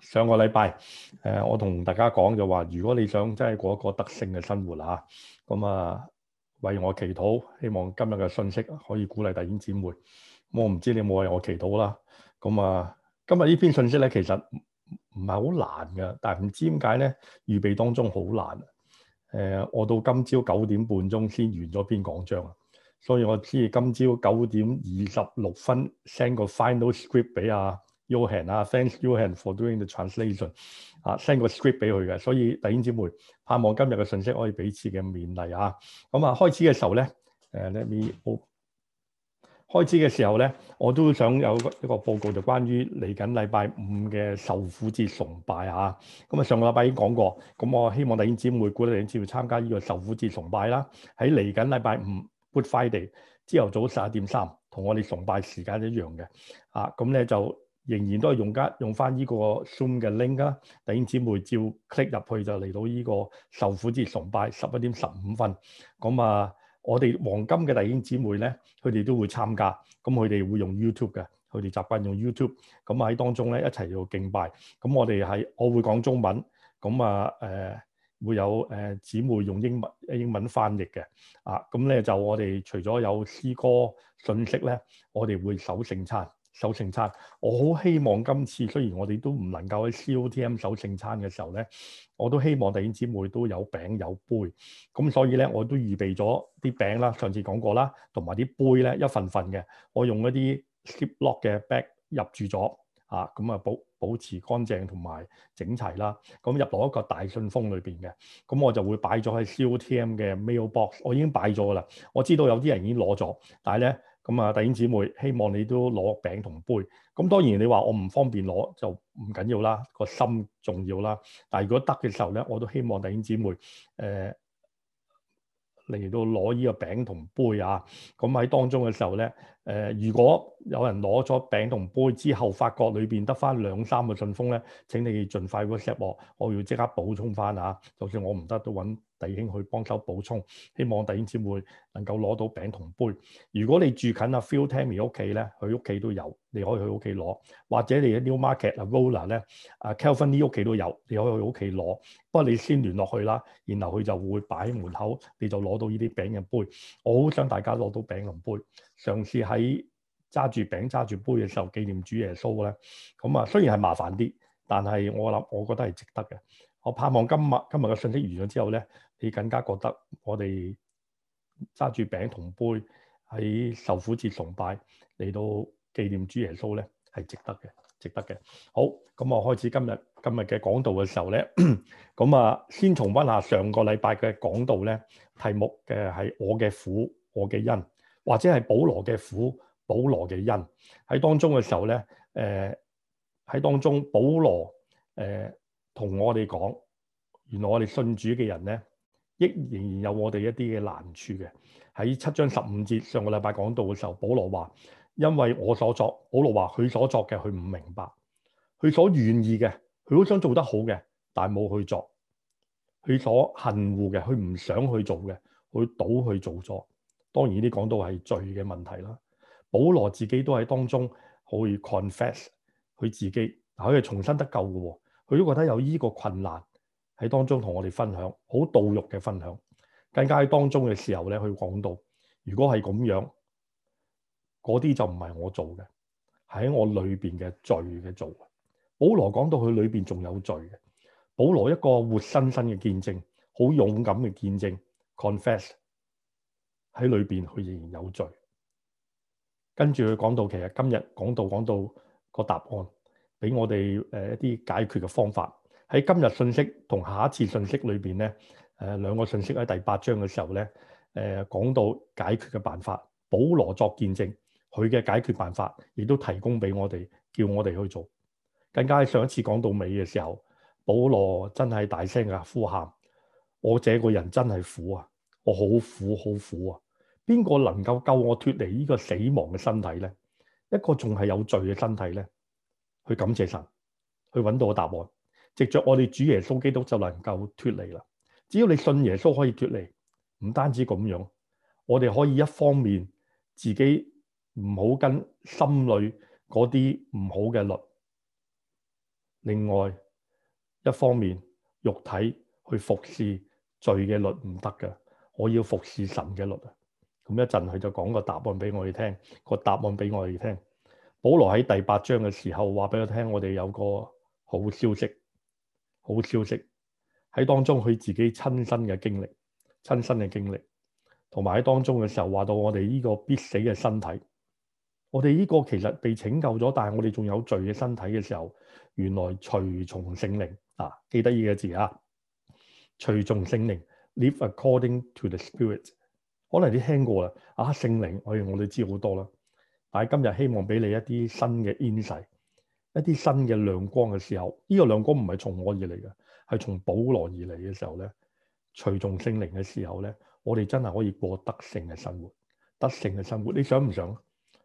上個禮拜，誒、呃，我同大家講就話，如果你想真係過一個得勝嘅生活啦，咁啊，啊，為我祈禱，希望今日嘅信息可以鼓勵弟兄姊妹。我唔知你有冇為我祈禱啦。咁啊，今日呢篇信息咧，其實唔係好難嘅，但係唔知點解咧，預備當中好難。誒、啊，我到今朝九點半鐘先完咗篇講章，所以我知今朝九點二十六分 send 個 final script 俾阿、啊。Yohan 啊，thanks Yohan for doing the translation 啊、uh,，send 個 script 俾佢嘅，所以弟兄姊妹盼望今日嘅信息可以彼此嘅勉勵啊。咁啊，開始嘅時候咧，誒、uh,，let me open。開始嘅時候咧，我都想有一個報告，就關於嚟緊禮拜五嘅受苦節崇拜嚇、啊。咁啊，上個禮拜已經講過，咁我希望弟兄姊妹鼓勵弟兄姊妹參加呢個受苦節崇拜啦、啊。喺嚟緊禮拜五，Good Friday，朝頭早十一點三，同我哋崇拜時間一樣嘅。啊，咁咧就。仍然都係用加用翻呢個 Zoom 嘅 link 啊，弟兄姊妹照 click 入去就嚟到呢個受苦節崇拜。十一點十五分，咁啊，我哋黃金嘅弟兄姊妹咧，佢哋都會參加，咁佢哋會用 YouTube 嘅，佢哋習慣用 YouTube。咁喺當中咧，一齊要敬拜。咁我哋係我會講中文，咁啊，誒會有誒、呃、姊妹用英文英文翻譯嘅。啊，咁咧就我哋除咗有詩歌信息咧，我哋會守聖餐。守聖餐，我好希望今次雖然我哋都唔能夠喺 COTM 守聖餐嘅時候咧，我都希望弟兄姊妹都有餅有杯。咁所以咧，我都預備咗啲餅啦，上次講過啦，同埋啲杯咧一份份嘅，我用一啲 Ziploc 嘅 bag 入住咗，嚇咁啊保保持乾淨同埋整齊啦。咁入落一個大信封裏邊嘅，咁我就會擺咗喺 COTM 嘅 mailbox，我已經擺咗噶啦。我知道有啲人已經攞咗，但係咧。咁啊，弟兄、嗯、姊妹，希望你都攞餅同杯。咁、嗯、當然你話我唔方便攞就唔緊要啦，個心重要啦。但係如果得嘅時候咧，我都希望弟兄姊妹誒嚟、呃、到攞呢個餅同杯啊。咁、嗯、喺當中嘅時候咧、呃，如果有人攞咗餅同杯之後，發覺裏面得翻兩三個信封咧，請你盡快 WhatsApp 我，我要即刻補充翻啊。就算我唔得都揾弟兄去幫手補充，希望弟兄姊妹能夠攞到餅同杯。如果你住近阿 Phil Tammy 屋企咧，佢屋企都有，你可以去屋企攞；或者你 New Market ola, 啊 Roller 咧，啊 Kelvin Lee 屋企都有，你可以去屋企攞。不過你先聯絡佢啦，然後佢就會擺喺門口，你就攞到呢啲餅嘅杯。我好想大家攞到餅同杯。嘗試喺揸住餅揸住杯嘅時候紀念主耶穌咧，咁啊雖然係麻煩啲，但係我諗我覺得係值得嘅。我盼望今日今日嘅信息完咗之後咧，你更加覺得我哋揸住餅同杯喺受苦節崇拜嚟到紀念主耶穌咧，係值得嘅，值得嘅。好，咁我開始今日今日嘅講道嘅時候咧，咁 啊，先重溫下上個禮拜嘅講道咧，題目嘅係我嘅苦，我嘅恩，或者係保羅嘅苦，保羅嘅恩喺當中嘅時候咧，誒、呃、喺當中保羅誒同我哋講，原來我哋信主嘅人咧。亦仍然有我哋一啲嘅難處嘅。喺七章十五節上個禮拜講到嘅時候，保羅話，因為我所作，保羅話佢所作嘅佢唔明白，佢所願意嘅，佢都想做得好嘅，但係冇去作，佢所恨惡嘅，佢唔想去做嘅，佢倒去做咗。當然呢講到係罪嘅問題啦。保羅自己都喺當中可以 confess 佢自己，佢係重生得救嘅喎，佢都覺得有呢個困難。喺當中同我哋分享好到肉嘅分享，更加喺當中嘅時候咧，佢講到如果係咁樣，嗰啲就唔係我做嘅，喺我裏邊嘅罪嘅做。保羅講到佢裏邊仲有罪嘅，保羅一個活生生嘅見證，好勇敢嘅見證，confess 喺裏邊佢仍然有罪。跟住佢講到其實今日講到講到個答案，俾我哋誒一啲解決嘅方法。喺今日信息同下一次信息裏邊咧，誒兩個信息喺第八章嘅時候咧，誒講到解決嘅辦法。保羅作見證，佢嘅解決辦法亦都提供俾我哋，叫我哋去做。更加喺上一次講到尾嘅時候，保羅真係大聲嘅呼喊：我這個人真係苦啊！我好苦好苦啊！邊個能夠救我脱離呢個死亡嘅身體咧？一個仲係有罪嘅身體咧？去感謝神，去揾到個答案。藉著我哋主耶穌基督就能夠脫離喇。只要你信耶穌可以脫離，唔單止咁樣，我哋可以一方面自己唔好跟心裏嗰啲唔好嘅律，另外一方面肉體去服侍罪嘅律唔得嘅，我要服侍神嘅律啊。咁一陣佢就講個答案俾我哋聽，個答案俾我哋聽。保羅喺第八章嘅時候話俾我聽，我哋有個好消息。好消息喺當中，佢自己親身嘅經歷、親身嘅經歷，同埋喺當中嘅時候話到我哋呢個必死嘅身體，我哋呢個其實被拯救咗，但係我哋仲有罪嘅身體嘅時候，原來隨從聖靈啊，幾得意嘅字啊，隨從聖靈，Live according to the Spirit。可能你聽過啦，啊，聖靈，我哋知好多啦，但係今日希望俾你一啲新嘅 insight。一啲新嘅亮光嘅時候，呢、這個亮光唔係從我而嚟嘅，係從保羅而嚟嘅時候咧，隨從聖靈嘅時候咧，我哋真係可以過得勝嘅生活，得勝嘅生活。你想唔想？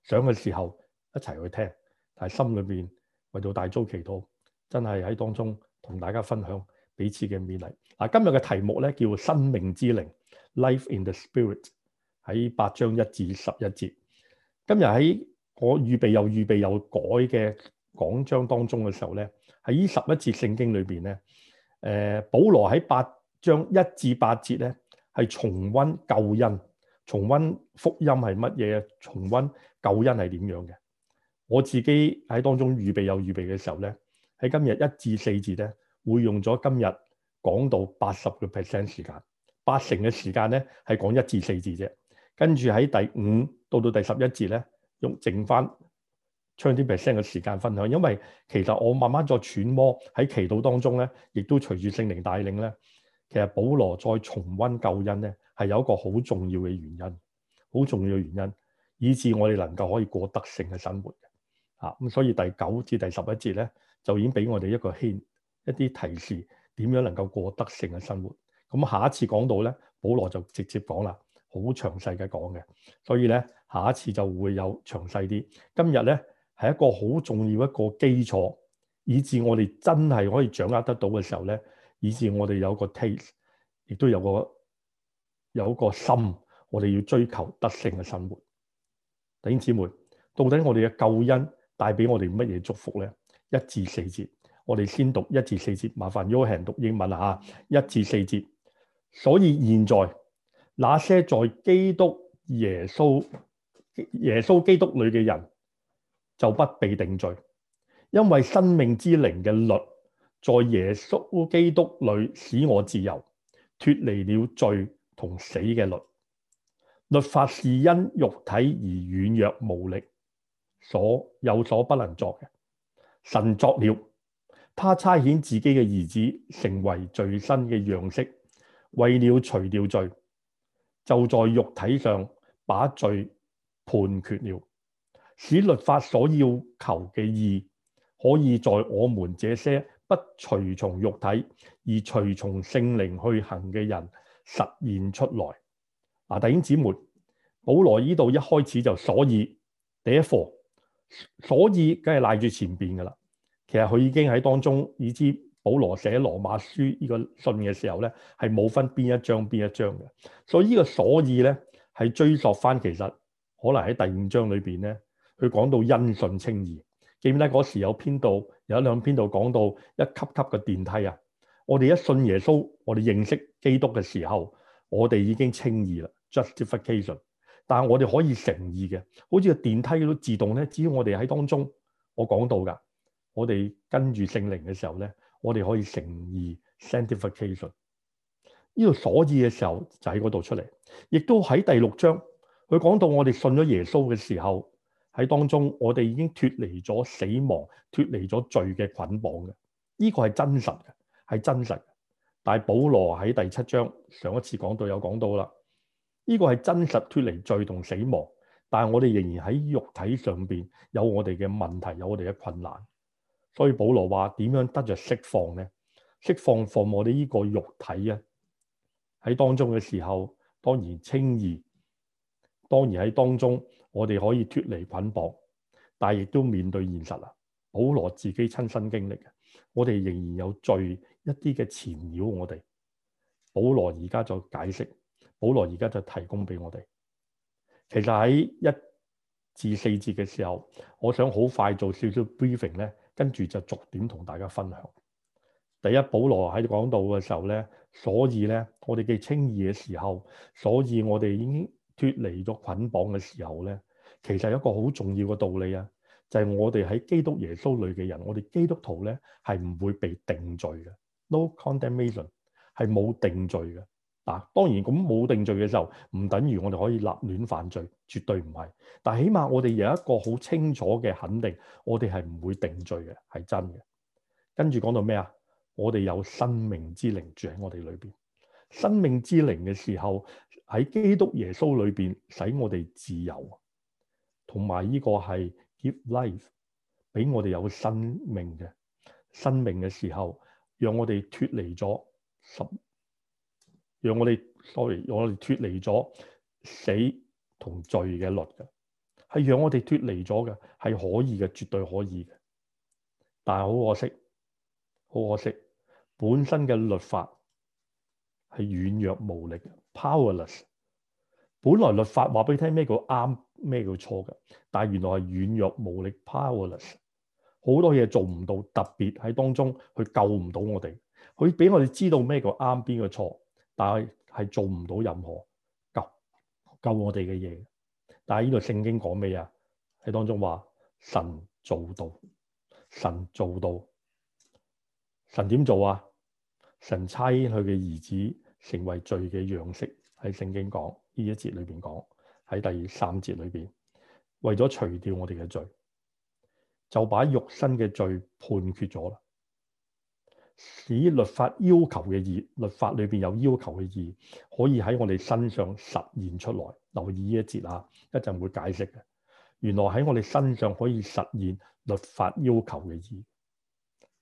想嘅時候一齊去聽，但係心裏邊為到大遭祈禱，真係喺當中同大家分享彼此嘅勉勵。嗱，今日嘅題目咧叫生命之靈 （Life in the Spirit），喺八章一至十一節。今日喺我預備又預備又改嘅。講章當中嘅時候咧，喺呢十一節聖經裏邊咧，誒，保羅喺八章一至八節咧，係重温救恩，重温福音係乜嘢，重温救恩係點樣嘅。我自己喺當中預備有預備嘅時候咧，喺今日一至四節咧，會用咗今日講到八十個 percent 時間，八成嘅時間咧係講一至四節啫，跟住喺第五到到第十一節咧，用剩翻。將啲 percent 嘅時間分享，因為其實我慢慢再揣摩喺祈禱當中咧，亦都隨住聖靈帶領咧，其實保羅再重温救恩咧，係有一個好重要嘅原因，好重要嘅原因，以致我哋能夠可以過德性嘅生活嘅。咁、啊、所以第九至第十一節咧，就已經俾我哋一個勸一啲提示，點樣能夠過德性嘅生活。咁下一次講到咧，保羅就直接講啦，好詳細嘅講嘅。所以咧，下一次就會有詳細啲。今日咧。係一個好重要的一個基礎，以致我哋真係可以掌握得到嘅時候咧，以致我哋有個 taste，亦都有個有個心，我哋要追求得勝嘅生活。弟兄姊妹，到底我哋嘅救恩帶俾我哋乜嘢祝福咧？一至四節，我哋先讀一至四節。麻煩 Yohan 讀英文吓，一至四節。所以現在那些在基督耶穌耶穌基督裏嘅人，就不被定罪，因為生命之靈嘅律在耶穌基督裏使我自由，脫離了罪同死嘅律。律法是因肉體而軟弱無力，所有所不能作嘅。神作了，他差遣自己嘅兒子成為罪身嘅樣式，為了除掉罪，就在肉體上把罪判決了。使律法所要求嘅義，可以在我們這些不隨從肉體而隨從聖靈去行嘅人實現出來。啊，弟兄姊妹，保羅呢度一開始就所以第一課，所以梗係賴住前邊㗎喇。其實佢已經喺當中，已知保羅寫羅馬書呢個信嘅時候咧，係冇分邊一章邊一章嘅。所以呢個所以咧，係追溯返其實可能喺第五章裏邊咧。佢講到因信稱義，記唔記得嗰時有篇度有一兩篇度講到一級級嘅電梯啊。我哋一信耶穌，我哋認識基督嘅時候，我哋已經稱義啦。Justification，但係我哋可以誠意嘅，好似個電梯都自動咧。只要我哋喺當中我，我講到㗎，我哋跟住聖靈嘅時候咧，我哋可以誠意。Sanctification，呢度「所以」嘅時候就喺嗰度出嚟，亦都喺第六章佢講到我哋信咗耶穌嘅時候。喺當中，我哋已經脱離咗死亡，脱離咗罪嘅捆綁嘅，呢個係真實嘅，係真實嘅。但係保羅喺第七章上一次講到有講到啦，呢個係真實脱離罪同死亡，但係我哋仍然喺肉體上邊有我哋嘅問題，有我哋嘅困難。所以保羅話點樣得着釋放咧？釋放放我哋呢個肉體啊！喺當中嘅時候，當然輕易，當然喺當中。我哋可以脱離捆綁，但係亦都面對現實啦。保羅自己親身經歷嘅，我哋仍然有罪一啲嘅纏繞我哋。保羅而家就解釋，保羅而家就提供俾我哋。其實喺一至四節嘅時候，我想好快做少少 briefing 咧，跟住就逐點同大家分享。第一，保羅喺講到嘅時候咧，所以咧，我哋嘅稱義嘅時候，所以我哋已經。脱離咗捆綁嘅時候咧，其實有一個好重要嘅道理啊，就係我哋喺基督耶穌裏嘅人，我哋基督徒咧係唔會被定罪嘅，no condemnation 係冇定罪嘅。嗱，當然咁冇定罪嘅時候，唔等於我哋可以立亂犯罪，絕對唔係。但起碼我哋有一個好清楚嘅肯定，我哋係唔會定罪嘅，係真嘅。跟住講到咩啊？我哋有生命之靈住喺我哋裏面。生命之靈嘅時候，喺基督耶穌裏邊使我哋自由，同埋呢個係 give life 俾我哋有生命嘅生命嘅時候，讓我哋脫離咗十，讓我哋 sorry，讓我哋脫離咗死同罪嘅律嘅，係讓我哋脫離咗嘅，係可以嘅，絕對可以嘅。但係好可惜，好可惜，本身嘅律法。係軟弱無力，powerless。本來律法話俾你聽咩叫啱，咩叫錯嘅，但係原來係軟弱無力，powerless。好多嘢做唔到，特別喺當中佢救唔到我哋，佢俾我哋知道咩叫啱，邊個錯，但係係做唔到任何救救我哋嘅嘢。但係呢度聖經講咩啊？喺當中話神做到，神做到，神點做啊？神差佢嘅兒子。成為罪嘅樣式，喺聖經講呢一節裏邊講，喺第三節裏邊，為咗除掉我哋嘅罪，就把肉身嘅罪判決咗啦，使律法要求嘅義，律法裏邊有要求嘅義，可以喺我哋身上實現出來。留意呢一節啊，一陣會，會解釋嘅。原來喺我哋身上可以實現律法要求嘅義。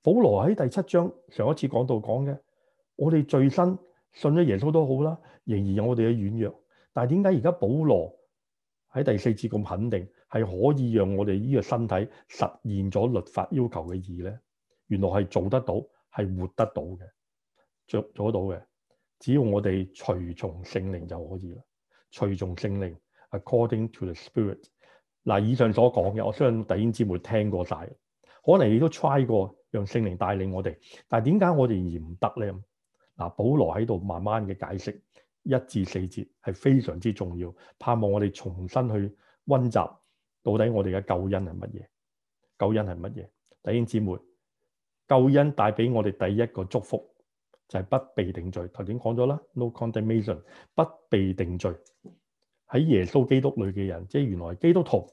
保羅喺第七章上一次講道講嘅，我哋最新。信咗耶穌都好啦，仍然有我哋嘅軟弱。但係點解而家保羅喺第四節咁肯定，係可以讓我哋呢個身體實現咗律法要求嘅義咧？原來係做得到，係活得到嘅，做做得到嘅。只要我哋隨從聖靈就可以啦。隨從聖靈，according to the Spirit。嗱、啊，以上所講嘅，我相信弟兄姊妹聽過晒，可能你都 try 過，讓聖靈帶領我哋。但係點解我哋仍然唔得咧？嗱，保羅喺度慢慢嘅解釋一至四節，係非常之重要。盼望我哋重新去溫習，到底我哋嘅救恩係乜嘢？救恩係乜嘢？弟兄姊妹，救恩帶俾我哋第一個祝福就係不被定罪。頭先講咗啦，No condemnation，不被定罪。喺耶穌基督裏嘅人，即係原來基督徒，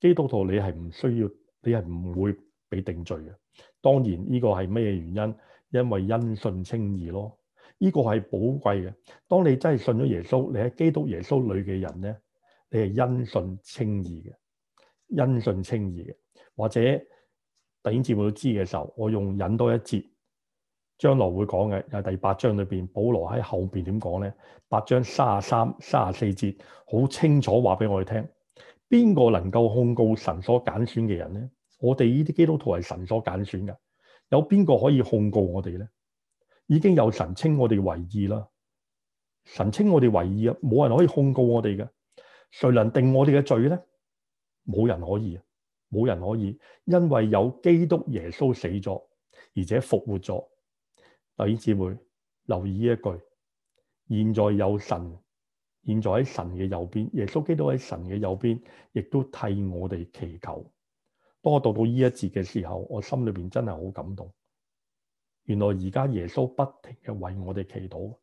基督徒你係唔需要，你係唔會被定罪嘅。當然呢個係乜嘢原因？因為因信稱義咯。呢個係寶貴嘅。當你真係信咗耶穌，你喺基督耶穌裏嘅人咧，你係因信稱義嘅，因信稱義嘅。或者弟兄姊妹都知嘅時候，我用引多一節，將來會講嘅，喺、就是、第八章裏邊，保羅喺後面點講咧？八章三十三、三十四節好清楚話俾我哋聽，邊個能夠控告神所揀選嘅人咧？我哋呢啲基督徒係神所揀選嘅，有邊個可以控告我哋咧？已經有神稱我哋為義啦，神稱我哋為義啊，冇人可以控告我哋嘅，誰能定我哋嘅罪咧？冇人可以，冇人可以，因為有基督耶穌死咗而且復活咗。弟兄姊妹留意呢一句，現在有神，現在喺神嘅右邊，耶穌基督喺神嘅右邊，亦都替我哋祈求。當我讀到呢一節嘅時候，我心裏面真係好感動。原來而家耶穌不停嘅為我哋祈禱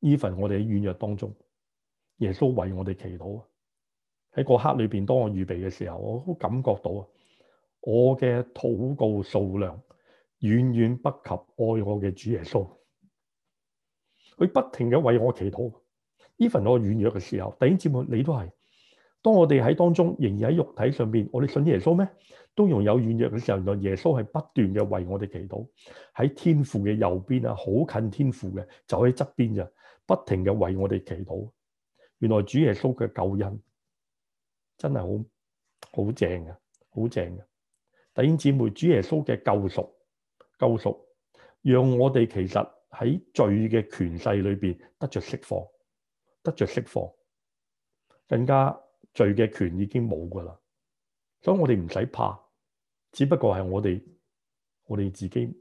，even 我哋喺軟弱當中，耶穌為我哋祈禱喺個刻裏邊。當我預備嘅時候，我都感覺到啊，我嘅禱告數量遠遠不及愛我嘅主耶穌，佢不停嘅為我祈禱。even 我軟弱嘅時候，弟兄姊妹你都係。當我哋喺當中仍然喺肉體上邊，我哋信耶穌咩？都擁有軟弱嘅時候，原來耶穌係不斷嘅為我哋祈禱喺天父嘅右邊啊，好近天父嘅，就喺側邊咋，不停嘅為我哋祈禱。原來主耶穌嘅救恩真係好好正啊，好正啊。弟兄姊妹，主耶穌嘅救贖救贖，讓我哋其實喺罪嘅權勢裏邊得着釋放，得着釋放，更加。罪嘅權已經冇㗎啦，所以我哋唔使怕，只不過係我哋我哋自己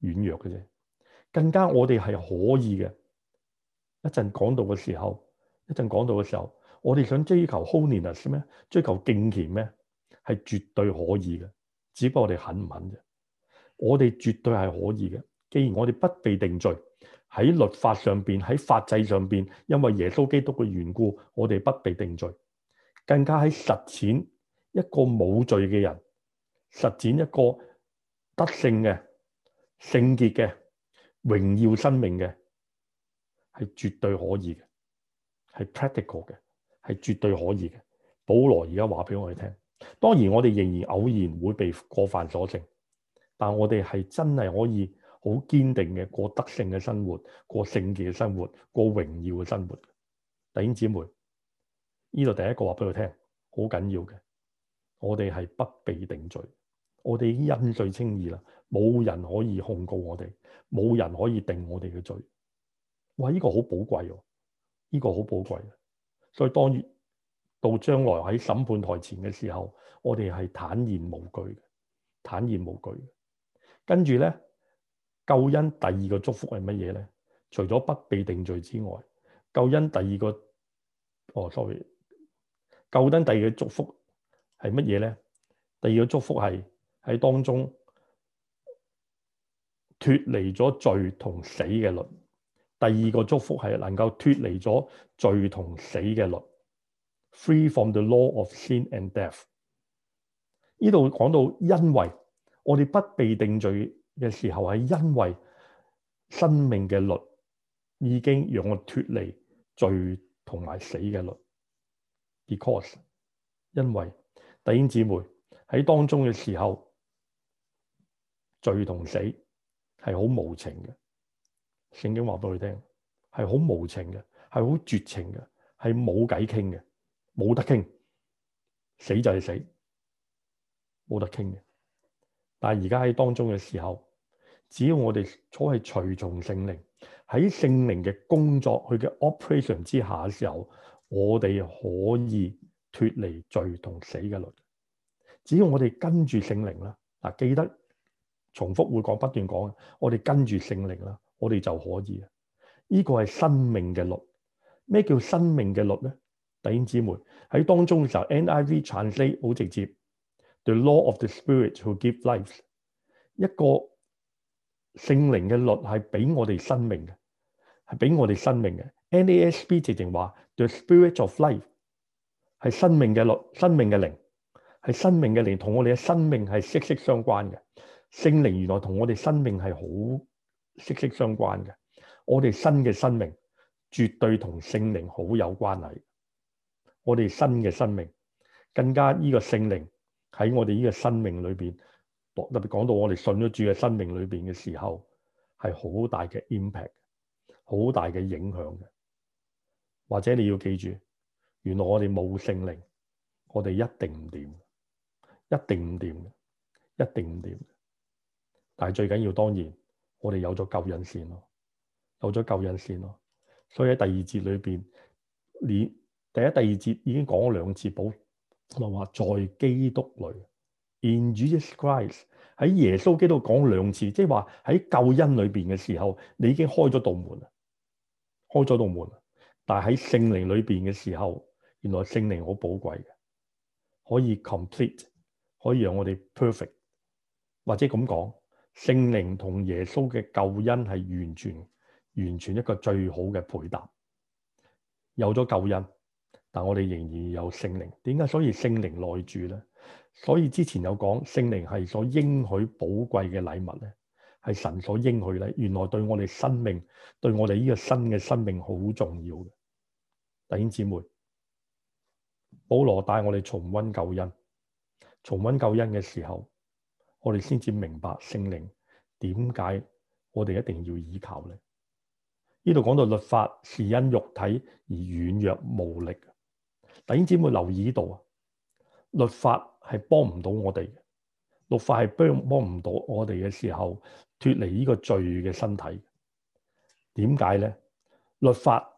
軟弱嘅啫。更加我哋係可以嘅。一陣講到嘅時候，一陣講到嘅時候，我哋想追求 holiness 咩？追求敬虔咩？係絕對可以嘅，只不過我哋肯唔肯啫。我哋絕對係可以嘅。既然我哋不被定罪喺律法上面，喺法制上面，因為耶穌基督嘅緣故，我哋不被定罪。更加喺實踐一個冇罪嘅人，實踐一個德性嘅、聖潔嘅、榮耀生命嘅，係絕對可以嘅，係 practical 嘅，係絕對可以嘅。保羅而家話俾我哋聽，當然我哋仍然偶然會被過犯所性，但我哋係真係可以好堅定嘅過德性嘅生活，過聖潔嘅生活，過榮耀嘅生活。弟兄姊妹。呢度第一個話俾佢聽，好緊要嘅。我哋係不被定罪，我哋已經因罪稱義啦，冇人可以控告我哋，冇人可以定我哋嘅罪。哇！呢個好寶貴喎，呢個好寶貴。所以當到將來喺審判台前嘅時候，我哋係坦然無懼嘅，坦然無懼。跟住咧，救恩第二個祝福係乜嘢咧？除咗不被定罪之外，救恩第二個，哦，sorry。救恩第二嘅祝福係乜嘢呢？第二個祝福係喺當中脱離咗罪同死嘅律。第二個祝福係能夠脱離咗罪同死嘅律。Free from the law of sin and death。呢度講到，因為我哋不被定罪嘅時候，係因為生命嘅律已經讓我脱離罪同埋死嘅律。Because 因為弟兄姊妹喺當中嘅時候，罪同死係好無情嘅。聖經話俾你聽，係好無情嘅，係好絕情嘅，係冇偈傾嘅，冇得傾。死就係死，冇得傾嘅。但係而家喺當中嘅時候，只要我哋坐係隨從聖靈，喺聖靈嘅工作佢嘅 operation 之下嘅時候。我哋可以脫離罪同死嘅律，只要我哋跟住聖靈啦。嗱，記得重複會講、不斷講，我哋跟住聖靈啦，我哋就可以。呢個係生命嘅律。咩叫生命嘅律咧？弟兄姊妹喺當中嘅時候，NIV translate 好直接：The law of the Spirit who give life。一個聖靈嘅律係俾我哋生命嘅，係俾我哋生命嘅。NASB 直情話，The Spirit of Life 係生命嘅靈，生命嘅靈係生命嘅靈，同我哋嘅生命係息息相關嘅。聖靈原來同我哋生命係好息息相關嘅。我哋新嘅生命絕對同聖靈好有關係。我哋新嘅生命更加呢個聖靈喺我哋呢個生命裏邊，特別講到我哋信咗主嘅生命裏邊嘅時候，係好大嘅 impact，好大嘅影響嘅。或者你要記住，原來我哋冇聖靈，我哋一定唔掂，一定唔掂，一定唔掂。但係最緊要，當然我哋有咗救恩綫咯，有咗救恩綫咯。所以喺第二節裏邊，你第一、第二節已經講咗兩次寶，咪話在基督裏，In Jesus Christ 喺耶穌基督講咗兩次，即係話喺救恩裏邊嘅時候，你已經開咗道門啦，開咗道門但喺聖靈裏邊嘅時候，原來聖靈好寶貴嘅，可以 complete，可以讓我哋 perfect，或者咁講，聖靈同耶穌嘅救恩係完全完全一個最好嘅配搭。有咗救恩，但我哋仍然有聖靈。點解？所以聖靈內住咧。所以之前有講，聖靈係所應許寶貴嘅禮物咧。是神所應許咧，原來對我哋生命，對我哋呢個新嘅生命好重要的。弟兄姐妹，保羅帶我哋重溫救恩。重溫救恩嘅時候，我哋先至明白聖靈點解我哋一定要依靠你。呢度講到律法是因肉體而軟弱無力。弟兄姐妹留意呢度，律法是幫唔到我哋的。律法係幫幫唔到我哋嘅時候，脫離呢個罪嘅身體。點解咧？律法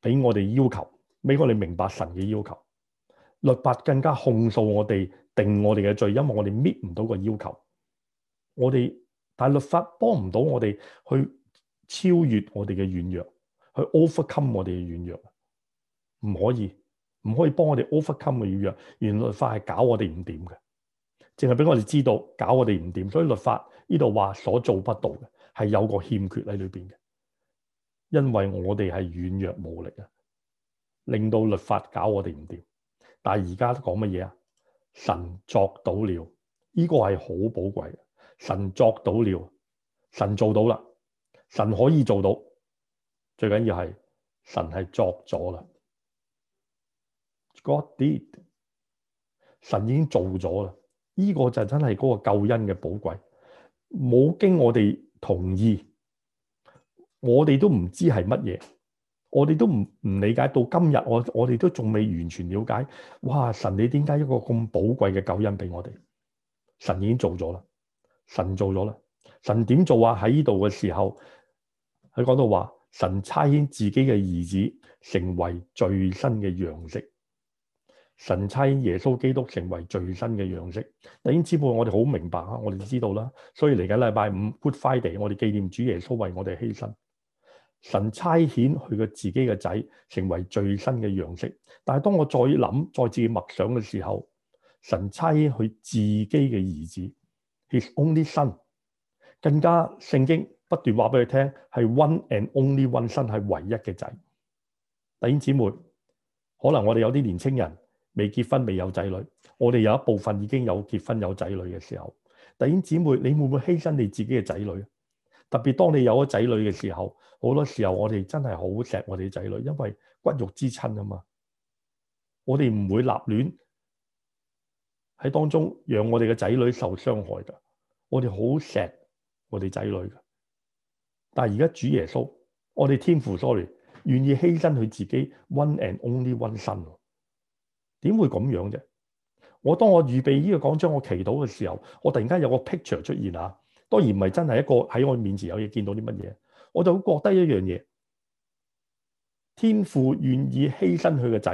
俾我哋要求，俾我哋明白神嘅要求。律法更加控訴我哋，定我哋嘅罪，因為我哋搣唔到個要求。我哋但係律法幫唔到我哋去超越我哋嘅軟弱，去 overcome 我哋嘅軟弱，唔可以，唔可以幫我哋 overcome 嘅軟弱。原律法係搞我哋唔掂嘅。淨係俾我哋知道搞我哋唔掂，所以律法呢度話所做不到嘅係有個欠缺喺裏邊嘅，因為我哋係軟弱無力啊，令到律法搞我哋唔掂。但係而家講乜嘢啊？神作到了，呢個係好寶貴嘅。神作到了，神做到啦，神可以做到。最緊要係神係作咗啦，God did，神已經做咗啦。呢個就真係嗰個救恩嘅寶貴，冇經我哋同意，我哋都唔知係乜嘢，我哋都唔唔理解。到今日，我我哋都仲未完全了解。哇！神你點解一個咁寶貴嘅救恩俾我哋？神已經做咗啦，神做咗啦，神點做啊？喺呢度嘅時候，佢講到話，神差遣自己嘅兒子成為最新嘅樣式。神差耶穌基督成為最新嘅樣式。弟兄姊妹，我哋好明白啊，我哋知道啦。所以嚟緊禮拜五 Good Friday，我哋紀念主耶穌為我哋犧牲。神差遣佢嘅自己嘅仔成為最新嘅樣式。但係當我再諗、再自己默想嘅時候，神差佢自己嘅兒子 His Only Son，更加聖經不斷話俾佢聽係 One and Only One Son，係唯一嘅仔。弟兄姊妹，可能我哋有啲年青人。未結婚未有仔女，我哋有一部分已經有結婚有仔女嘅時候，弟兄姊,姊妹，你會唔會犧牲你自己嘅仔女？特別當你有咗仔女嘅時候，好多時候我哋真係好錫我哋仔女，因為骨肉之親啊嘛，我哋唔會立亂喺當中讓我哋嘅仔女受傷害噶，我哋好錫我哋仔女噶。但係而家主耶穌，我哋天父 sorry，願意犧牲佢自己 one and only one son。點會咁樣啫？我當我預備呢個講章，我祈禱嘅時候，我突然間有個 picture 出現啊！當然唔係真係一個喺我面前有嘢見到啲乜嘢，我就會覺得一樣嘢：天父願意犧牲佢嘅仔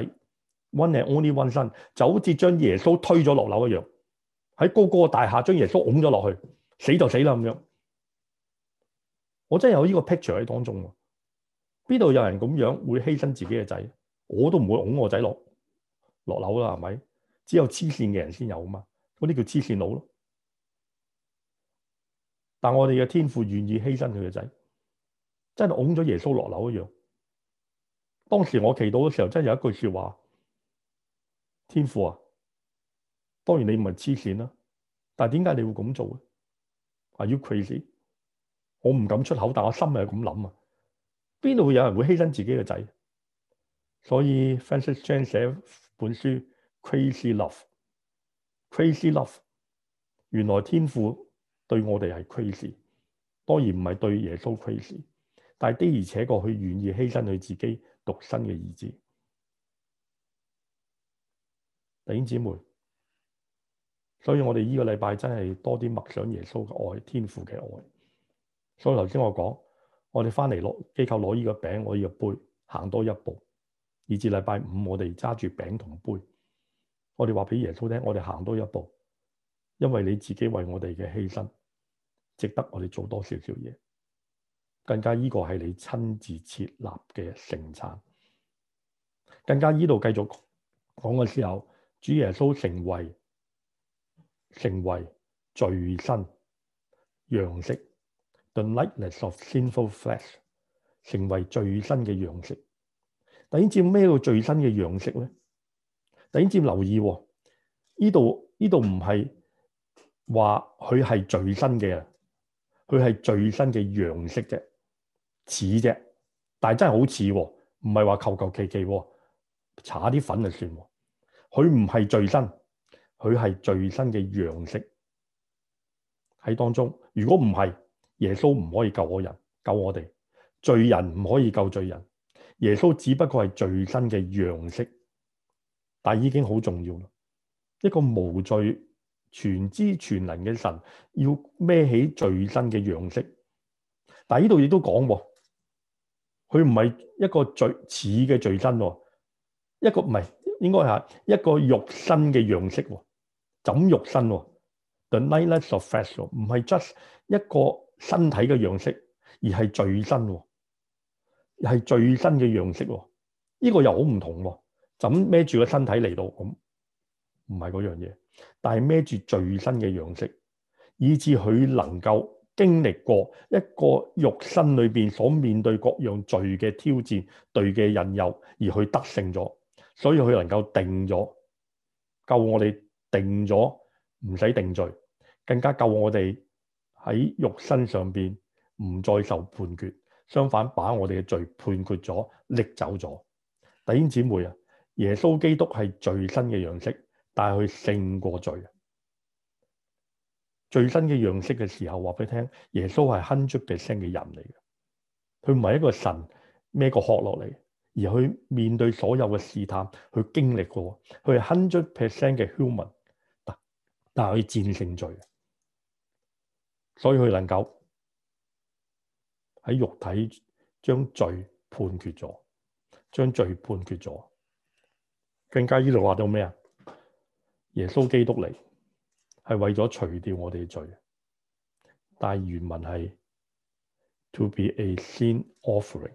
，one 嘅 only one son，就好似將耶穌推咗落樓一樣，喺高高嘅大廈將耶穌拱咗落去，死就死啦咁樣。我真係有呢個 picture 喺當中，邊度有人咁樣會犧牲自己嘅仔？我都唔會拱我仔落。落樓啦，係咪？只有黐線嘅人先有啊嘛，嗰啲叫黐線佬咯。但我哋嘅天父願意犧牲佢嘅仔，真係㧬咗耶穌落樓一樣。當時我祈禱嘅時候，真係有一句說話：天父啊，當然你唔係黐線啦，但係點解你會咁做啊？Are you crazy！我唔敢出口，但我心係咁諗啊。邊度會有人會犧牲自己嘅仔？所以 Francis Chan 寫。本書《Crazy Love》Crazy Love》，《Crazy Love》原來天父對我哋係 crazy，當然唔係對耶穌 crazy，但係的而且確佢願意犧牲佢自己獨生嘅兒子。弟兄姊妹，所以我哋呢個禮拜真係多啲默想耶穌嘅愛，天父嘅愛。所以頭先我講，我哋翻嚟攞機構攞呢個餅，我呢個杯，行多一步。以至禮拜五，我哋揸住餅同杯，我哋話俾耶穌聽，我哋行多一步，因為你自己為我哋嘅犧牲，值得我哋做多少少嘢。更加依個係你親自設立嘅聖餐。更加依度繼續講嘅時候，主耶穌成為成為罪身樣式，the likeness of sinful flesh，成為罪身嘅樣式。等住咩到罪身嘅樣式咧？等住留意、哦，依度依度唔係話佢係罪身嘅，佢係罪身嘅樣式啫，似啫，但係真係好似，唔係話求求其其，搽啲粉就算了。佢唔係罪身，佢係罪身嘅樣式喺當中。如果唔係，耶穌唔可以救我人，救我哋罪人唔可以救罪人。耶穌只不過係罪身嘅樣式，但已經好重要啦。一個無罪、全知、全能嘅神要孭起罪身嘅樣式。但呢度亦都講，佢唔係一個罪似嘅罪身，一個唔係應該係一個肉身嘅樣式。怎肉身？The nature of flesh 唔係 just 一個身體嘅樣式，而係罪身。係最新嘅樣式，呢個又好唔同，就咁孭住個身體嚟到，噉唔係嗰樣嘢，但係孭住最新嘅樣式，以至佢能夠經歷過一個肉身裏面所面對各樣罪嘅挑戰、對嘅引誘，而去得勝咗，所以佢能夠定咗，救我哋定咗，唔使定罪，更加救我哋喺肉身上面，唔再受判決。相反，把我哋嘅罪判決咗，拎走咗。弟兄姊妹啊，耶穌基督係最新嘅樣式，但係佢勝過罪。最新嘅樣式嘅時候，話俾你聽，耶穌係100%嘅人嚟嘅，佢唔係一個神孭個殼落嚟，而去面對所有嘅試探，去經歷過，佢係100%嘅 human，但係佢戰勝罪，所以佢能夠。喺肉體將罪判決咗，將罪判決咗，更加呢度話到咩啊？耶穌基督嚟係為咗除掉我哋嘅罪，但原文係 to be a sin offering，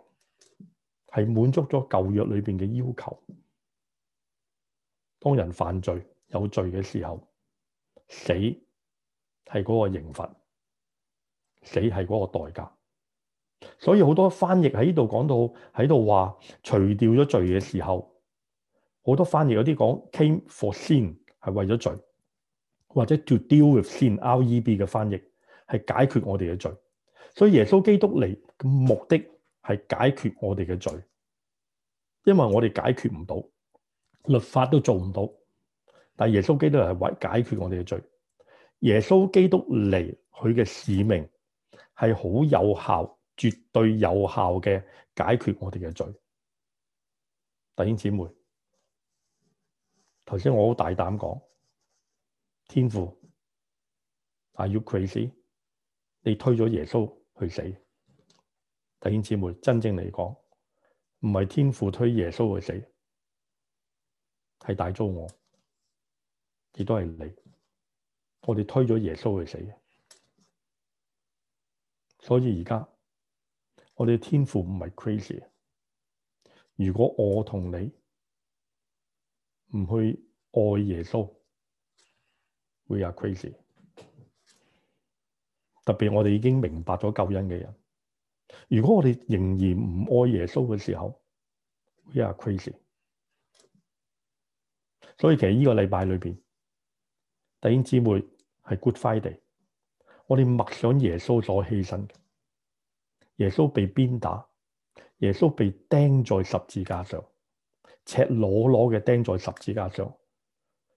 係滿足咗舊約裏邊嘅要求。當人犯罪有罪嘅時候，死係嗰個刑罰，死係嗰個代價。所以好多翻譯喺呢度講到喺度話除掉咗罪嘅時候，好多翻譯有啲講 came for sin 係為咗罪，或者 to deal with sin LEB 嘅翻譯係解決我哋嘅罪。所以耶穌基督嚟嘅目的係解決我哋嘅罪，因為我哋解決唔到，律法都做唔到，但係耶穌基督係為解決我哋嘅罪。耶穌基督嚟佢嘅使命係好有效。絕對有效嘅解決我哋嘅罪，弟兄姊妹，頭先我好大膽講，天父 Are you crazy? 你推咗耶穌去死，弟兄姊妹，真正嚟講，唔係天父推耶穌去死，係大租我，亦都係你，我哋推咗耶穌去死，所以而家。我哋嘅天父唔係 crazy。如果我同你唔去愛耶穌，we are crazy。特別我哋已經明白咗救恩嘅人，如果我哋仍然唔愛耶穌嘅時候，we are crazy。所以其實呢個禮拜裏邊，弟兄姊妹係 Good Friday，我哋默想耶穌所犧牲嘅。耶穌被鞭打，耶穌被釘在十字架上，赤裸裸嘅釘在十字架上，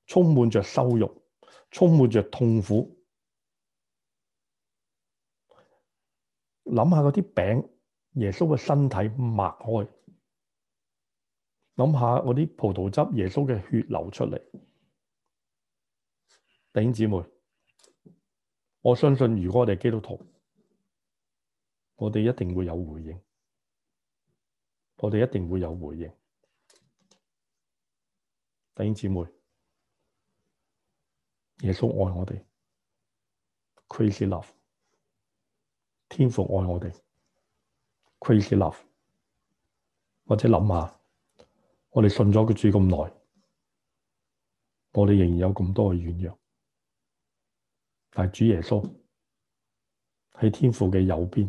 充滿着羞辱，充滿着痛苦。諗下嗰啲餅，耶穌嘅身體擘開，諗下嗰啲葡萄汁，耶穌嘅血流出嚟。弟兄姊妹，我相信如果我哋基督徒。我哋一定會有回應，我哋一定會有回應，弟兄姊妹，耶穌愛我哋，crazy love，天父愛我哋，crazy love，或者諗下，我哋信咗佢住咁耐，我哋仍然有咁多嘅軟弱，但係主耶穌喺天父嘅右邊。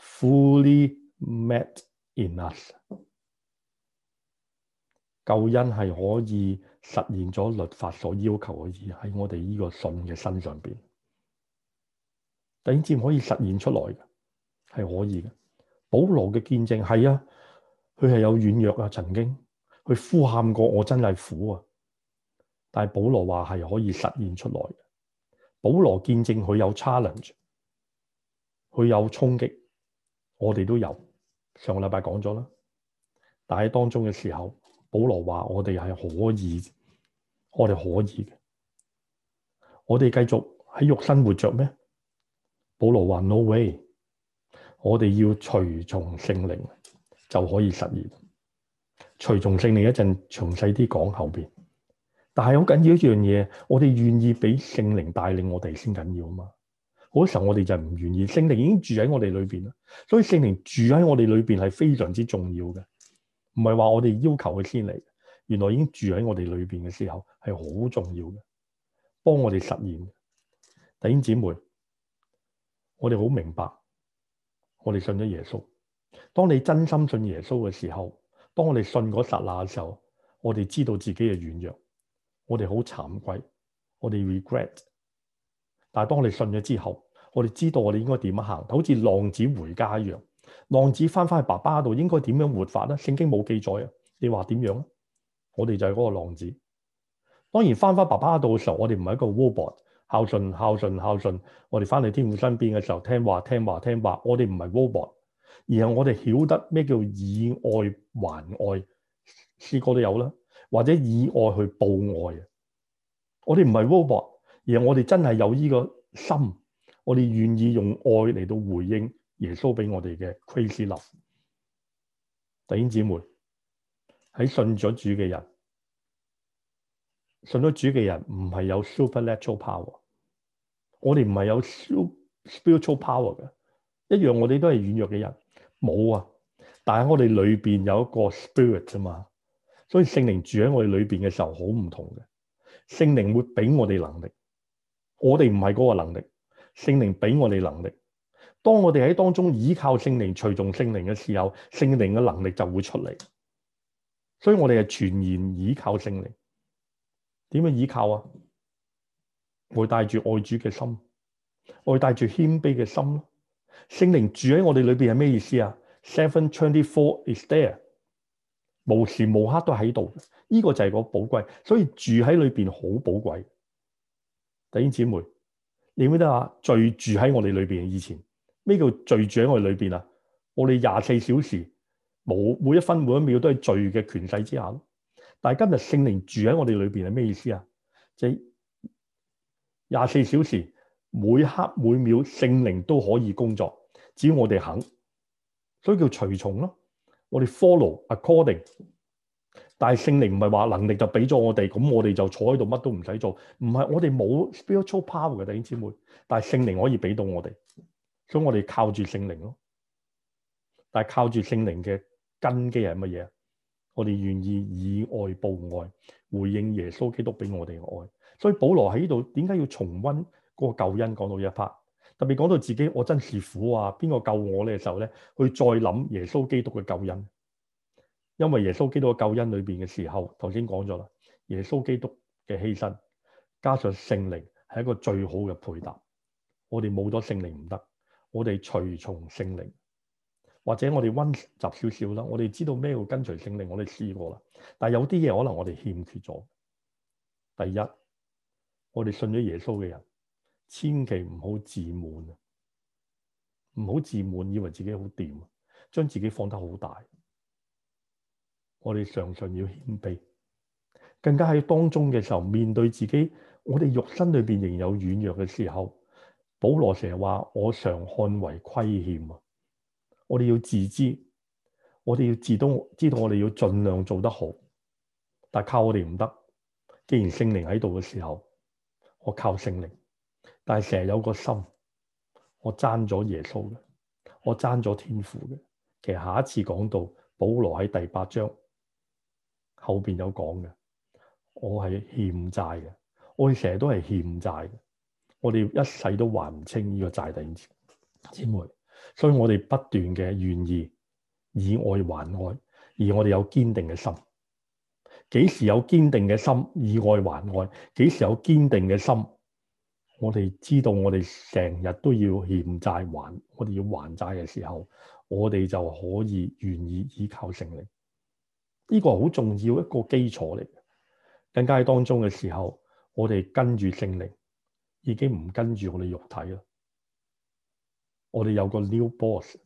fully met in us，救恩係可以實現咗律法所要求嘅嘢，喺我哋呢個信嘅身上邊，等漸可以實現出來嘅，係可以嘅。保羅嘅見證係啊，佢係有軟弱啊，曾經佢呼喊過我真係苦啊，但係保羅話係可以實現出來嘅。保羅見證佢有 challenge，佢有衝擊。我哋都有上個禮拜講咗啦，但係當中嘅時候，保羅話我哋係可以，我哋可以嘅，我哋繼續喺肉身活着咩？保羅話 No way，我哋要隨從聖靈就可以實現，隨從聖靈一陣詳細啲講後面。但係好緊要一樣嘢，我哋願意俾聖靈帶領我哋先緊要嘛。好多時候我哋就係唔願意，聖靈已經住喺我哋裏邊啦，所以聖靈住喺我哋裏邊係非常之重要嘅，唔係話我哋要求佢先嚟，原來已經住喺我哋裏邊嘅時候係好重要嘅，幫我哋實現。弟兄姊妹，我哋好明白，我哋信咗耶穌。當你真心信耶穌嘅時候，當我哋信嗰剎那嘅時候，我哋知道自己嘅軟弱，我哋好慚愧，我哋 regret。但係當我哋信咗之後，我哋知道我哋應該點樣行，好似浪子回家一樣。浪子翻翻去爸爸度，應該點樣活法咧？聖經冇記載啊！你話點樣？我哋就係嗰個浪子。當然翻翻爸爸度嘅時候，我哋唔係一個 robot，孝順孝順孝順。我哋翻去天父身邊嘅時候，聽話聽話聽話。我哋唔係 robot，而係我哋曉得咩叫以愛還愛。試過都有啦，或者以愛去報愛。我哋唔係 robot。而我哋真係有呢個心，我哋願意用愛嚟到回應耶穌俾我哋嘅 Crazy Love。弟兄姊妹喺信咗主嘅人，信咗主嘅人唔係有 supernatural power，我哋唔係有 super spiritual power 嘅，一樣我哋都係軟弱嘅人，冇啊。但係我哋裏邊有一個 spirit 啫嘛，所以聖靈住喺我哋裏邊嘅時候好唔同嘅，聖靈會俾我哋能力。我哋唔係嗰個能力，聖靈俾我哋能力。當我哋喺當中依靠聖靈、隨從聖靈嘅時候，聖靈嘅能力就會出嚟。所以我哋係全然依靠聖靈。點樣依靠啊？我帶住愛主嘅心，我帶住謙卑嘅心咯。聖靈住喺我哋裏邊係咩意思啊？Seven twenty four is there，無時無刻都喺度。呢個就係個寶貴，所以住喺裏邊好寶貴。弟兄姊妹，你記得啊？罪住喺我哋裏邊，以前咩叫罪住喺我哋裏邊啊？我哋廿四小時冇每一分每一秒都係罪嘅權勢之下。但係今日聖靈住喺我哋裏邊係咩意思啊？即係廿四小時每刻每秒聖靈都可以工作，只要我哋肯，所以叫隨從咯。我哋 follow according。但係聖靈唔係話能力就俾咗我哋，咁我哋就坐喺度乜都唔使做。唔係我哋冇 spiritual power 嘅，弟兄姊妹，但係聖靈可以俾到我哋，所以我哋靠住聖靈咯。但係靠住聖靈嘅根基係乜嘢？我哋願意以愛報愛，回應耶穌基督俾我哋嘅愛。所以保羅喺呢度點解要重溫嗰個救恩講到一 part，特別講到自己我真是苦啊，邊個救我咧？時候咧去再諗耶穌基督嘅救恩。因為耶穌基督嘅救恩裏邊嘅時候，頭先講咗啦，耶穌基督嘅犧牲加上聖靈係一個最好嘅配搭。我哋冇咗聖靈唔得，我哋隨從聖靈，或者我哋溫習少少啦。我哋知道咩叫跟隨聖靈，我哋試過啦。但係有啲嘢，可能我哋欠缺咗。第一，我哋信咗耶穌嘅人，千祈唔好自滿，唔好自滿，以為自己好掂，將自己放得好大。我哋常常要謙卑，更加喺當中嘅時候面對自己。我哋肉身裏邊仍有軟弱嘅時候，保羅成日話我常看為虧欠啊！我哋要自知，我哋要自都知道我哋要盡量做得好，但靠我哋唔得。既然聖靈喺度嘅時候，我靠聖靈，但係成日有個心，我爭咗耶穌嘅，我爭咗天父嘅。其實下一次講到保羅喺第八章。後邊有講嘅，我係欠債嘅，我哋成日都係欠債嘅，我哋一世都還唔清呢個債。弟兄姊妹，所以我哋不斷嘅，願意以愛還愛，而我哋有堅定嘅心。幾時有堅定嘅心以愛還愛？幾時有堅定嘅心？我哋知道我哋成日都要欠債還，我哋要還債嘅時候，我哋就可以願意依靠聖靈呢個好重要一個基礎嚟，更加喺當中的時候，我哋跟住聖靈，已經唔跟住我哋肉體了，我哋有個 new boss，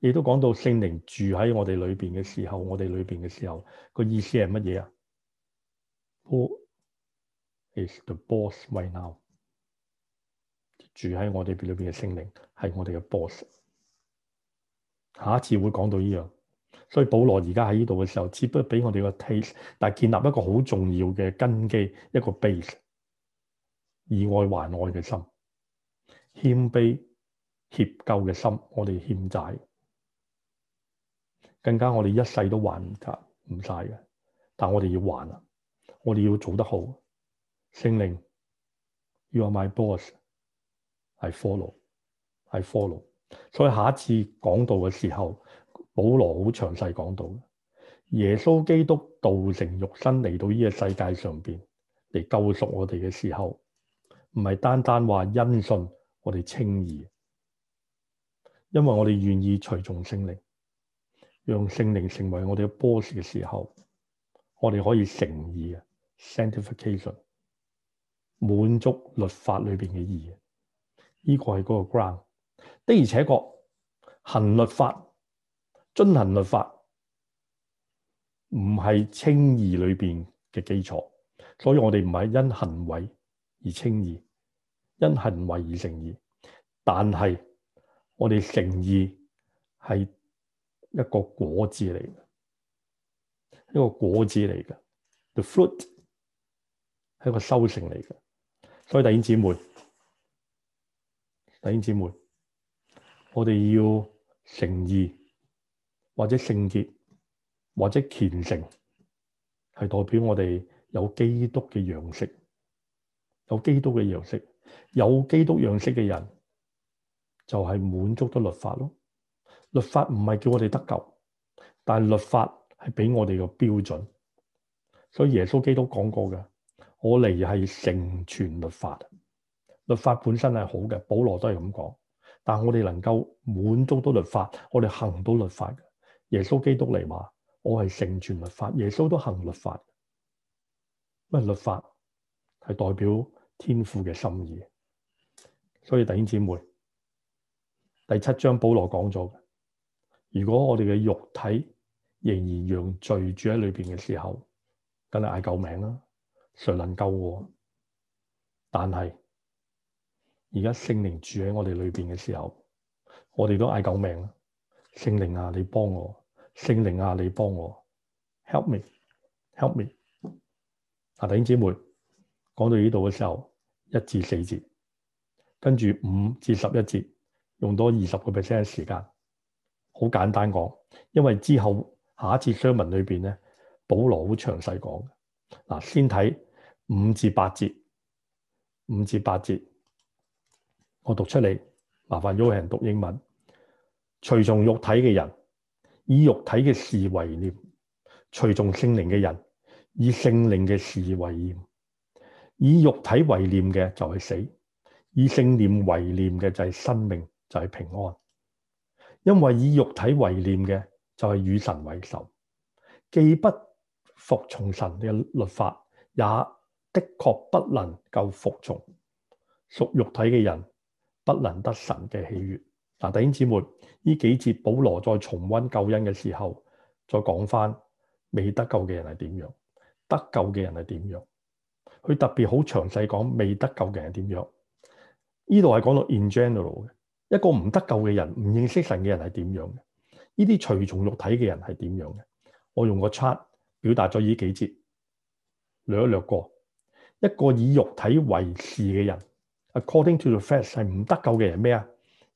亦都講到聖靈住喺我哋裏面的時候，我哋裏面的時候，個意思係乜嘢啊？Who is the boss right now？住喺我哋裏面的聖靈係我哋的 boss。下一次會講到呢樣所以保羅而家喺呢度嘅時候，只不過俾我哋個 taste，但係建立一個好重要嘅根基，一個 base，以愛還愛嘅心，謙卑、協救嘅心，我哋欠債，更加我哋一世都還唔得唔晒嘅，但我哋要還啊，我哋要做得好，聖靈，You are my boss，I follow，I follow。Follow, 所以下一次講道嘅時候。保羅好詳細講到耶穌基督道成肉身嚟到呢個世界上面嚟救贖我哋嘅時候，唔係單單話因信我哋稱義，因為我哋願意隨從聖靈，讓聖靈成為我哋嘅 boss 嘅時候，我哋可以誠意啊，sanctification 滿足律法裏面嘅義，呢、這個係嗰個 ground。的而且確行律法。遵行律法唔係稱義裏面嘅基礎，所以我哋唔係因行為而稱義，因行為而稱義。但係我哋稱義係一個果子嚟嘅，一個果子嚟嘅，the fruit 係一個收成嚟嘅。所以弟兄姊妹，弟兄姊妹，我哋要稱義。或者聖潔，或者虔誠，係代表我哋有基督嘅樣式。有基督嘅樣式，有基督樣式嘅人就係滿足到律法囉。律法唔係叫我哋得救，但係律法係畀我哋個標準。所以耶穌基督講過嘅，我嚟係成全律法。律法本身係好嘅，保羅都係咁講。但我哋能夠滿足到律法，我哋行到律法。耶穌基督嚟話：我係成全律法。耶穌都行律法，因為律法係代表天父嘅心意。所以弟兄姊妹，第七章保羅講咗：如果我哋嘅肉體仍然讓罪住喺裏面嘅時候，咁你嗌救命啦，誰能救我？但係而家聖靈住喺我哋裏面嘅時候，我哋都嗌救命，聖靈啊，你幫我。聖靈啊，你幫我，help me，help me。啊，弟兄姐妹，講到呢度嘅時候，一至四節，跟住五至十一節，用多二十個 percent 嘅時間，好簡單講，因為之後下一次 sermon 裏面呢，保羅會詳細講。嗱，先睇五至八節，五至八節，我讀出嚟，麻煩有人、oh、讀英文，隨從肉體嘅人。以肉體嘅事為念，隨從聖靈嘅人以聖靈嘅事為念，以肉體為念嘅就是死，以聖靈為念嘅就是生命，就是平安。因為以肉體為念嘅就是與神為仇，既不服從神嘅律法，也的確不能夠服從，屬肉體嘅人，不能得神嘅喜悦。嗱，弟兄姊妹，呢幾節保羅再重温救恩嘅時候，再講翻未得救嘅人係點樣，得救嘅人係點樣。佢特別好詳細講未得救嘅人係點樣。呢度係講到 in general 嘅一個唔得救嘅人，唔認識神嘅人係點樣嘅。呢啲隨從肉體嘅人係點樣嘅。我用個 chart 表達咗呢幾節略一略過。一個以肉體為事嘅人，according to the fact，係唔得救嘅人咩啊？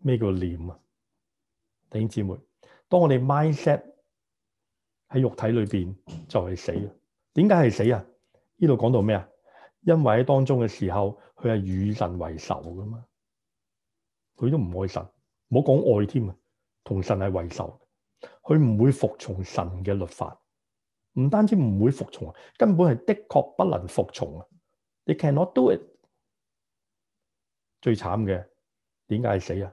咩叫念啊？弟兄姊妹，當我哋 mindset 喺肉體裏面就係死啊！點解係死啊？呢度講到咩啊？因為喺當中嘅時候，佢係與神為仇㗎嘛，佢都唔愛神，唔好講愛添啊，同神係為仇，佢唔會服從神嘅律法，唔單止唔會服從，根本係的確不能服從啊 You cannot do it。最慘嘅，點解係死啊？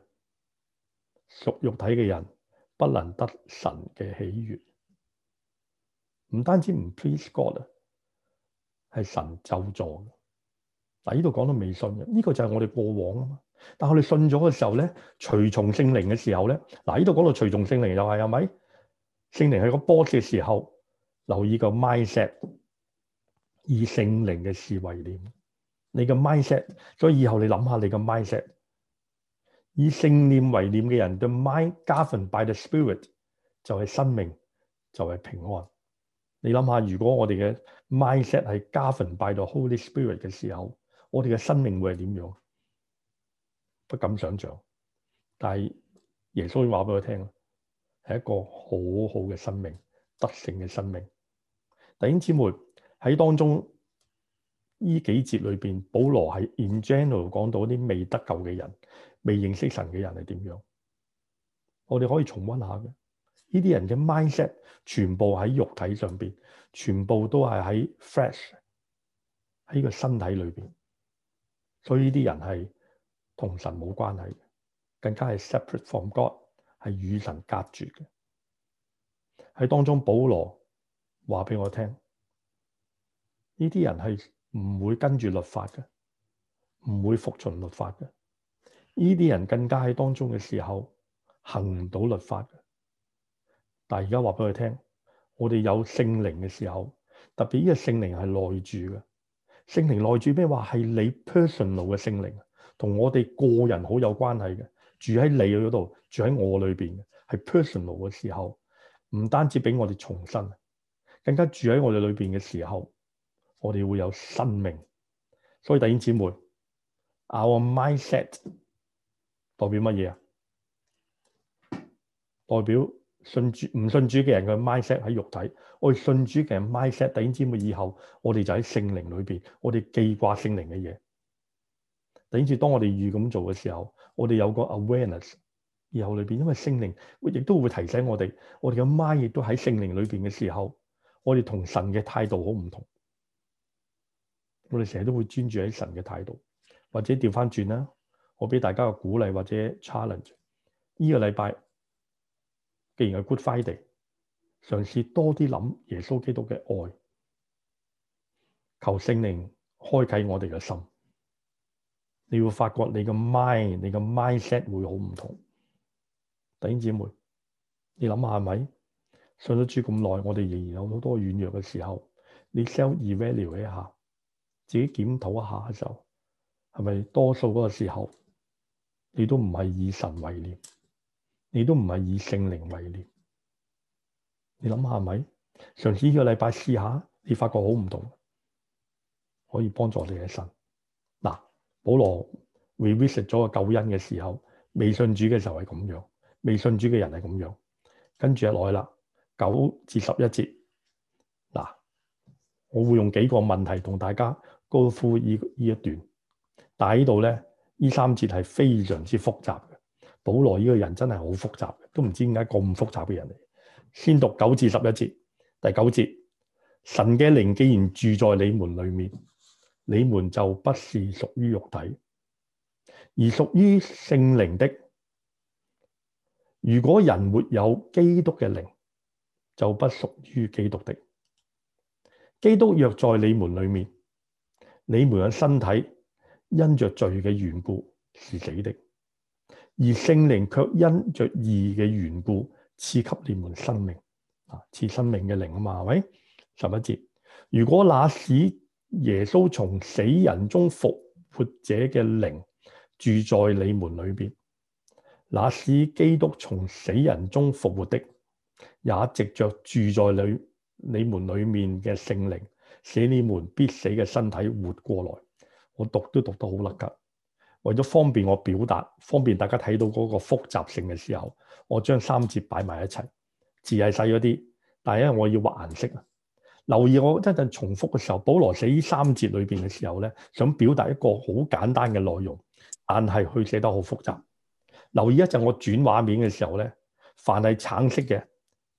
屬肉體嘅人不能得神嘅喜悅，唔單止唔 please God 啊，係神咒助。嗱，呢度講到未信嘅，呢、呢個就係我哋過往啊。但係我哋信咗嘅時候咧，隨從聖靈嘅時候咧，嗱，呢度講到隨從聖靈又係，係咪？聖靈係個 boss 嘅時候，留意個 mindset，以聖靈嘅事為念。你嘅 mindset，所以以後你諗下你嘅 mindset。以聖念為念嘅人，the mind governed by the spirit 就係生命，就係平安。你諗下，如果我哋嘅 mindset 係 governed by the Holy Spirit 嘅時候，我哋嘅生命會係點樣？不敢想象。但係耶穌話俾我聽啦，係一個好好嘅生命，得勝嘅生命。弟兄姊妹喺當中呢幾節裏邊，保羅係 in general 講到啲未得救嘅人。未認識神嘅人係點樣？我哋可以重温下嘅，呢啲人嘅 mindset 全部喺肉體上面，全部都係喺 flesh 喺個身體裏面。所以呢啲人係同神冇關係嘅，更加係 separate from God，係與神隔絕嘅。喺當中，保羅話俾我聽，呢啲人係唔會跟住律法嘅，唔會服從律法嘅。呢啲人更加喺當中嘅時候行唔到律法嘅。但而家話俾佢聽，我哋有聖靈嘅時候，特別呢個聖靈係內住嘅。聖靈內住咩？話係你 personal 嘅聖靈，同我哋個人好有關係嘅，住喺你嗰度，住喺我裏面嘅，係 personal 嘅時候，唔單止俾我哋重生，更加住喺我哋裏面嘅時候，我哋會有生命。所以弟兄姊妹，our mindset。代表乜嘢啊？代表信主唔信主嘅人嘅 mindset 喺肉體，我哋信主嘅 mindset，等於知冇以後我哋就喺聖靈裏邊，我哋記掛聖靈嘅嘢。等於知當我哋預咁做嘅時候，我哋有個 awareness 以後裏邊，因為聖靈亦都會提醒我哋，我哋嘅 mind 亦都喺聖靈裏邊嘅時候，我哋同神嘅態度好唔同。我哋成日都會專注喺神嘅態度，或者調翻轉啦。我俾大家個鼓勵或者 challenge，呢個禮拜既然係 Good Friday，嘗試多啲諗耶穌基督嘅愛，求聖靈開啟我哋嘅心。你會發覺你個 mind，你個 mindset 會好唔同。弟兄姊妹，你諗下係咪？信咗主咁耐，我哋仍然有好多軟弱嘅時候，你 self-evaluate 一下，自己檢討一下就係咪多數嗰個時候？是你都唔係以神為念，你都唔係以聖靈為念。你諗下，咪上次呢個禮拜試下，你發覺好唔同，可以幫助你嘅神。嗱，保羅 revisit 咗個救恩嘅時候，未信主嘅時候係咁樣，未信主嘅人係咁樣。跟住落嚟啦，九至十一節嗱，我會用幾個問題同大家高呼呢一段。但係呢度呢。呢三節係非常之複雜嘅，保羅呢個人真係好複雜，都唔知點解咁複雜嘅人嚟。先讀九至十一節，第九節，神嘅靈既然住在你們裏面，你們就不是屬於肉體，而屬於聖靈的。如果人沒有基督嘅靈，就不屬於基督的。基督若在你們裏面，你們嘅身體。因着罪嘅緣故是死的，而聖靈却因着義嘅緣故賜給你們生命啊，賜生命嘅靈啊嘛，係咪？十一節，如果那使耶穌從死人中復活者嘅靈住在你們裏邊，那使基督從死人中復活的，也藉着住在你你們裏面嘅聖靈，使你們必死嘅身體活過來。我讀都讀得好甩吉，為咗方便我表達，方便大家睇到嗰個複雜性嘅時候，我將三節擺埋一齊，字係細咗啲，但係因為我要畫顏色啊。留意我一陣重複嘅時候，保羅寫呢三節裏邊嘅時候咧，想表達一個好簡單嘅內容，但係佢寫得好複雜。留意一陣我轉畫面嘅時候咧，凡係橙色嘅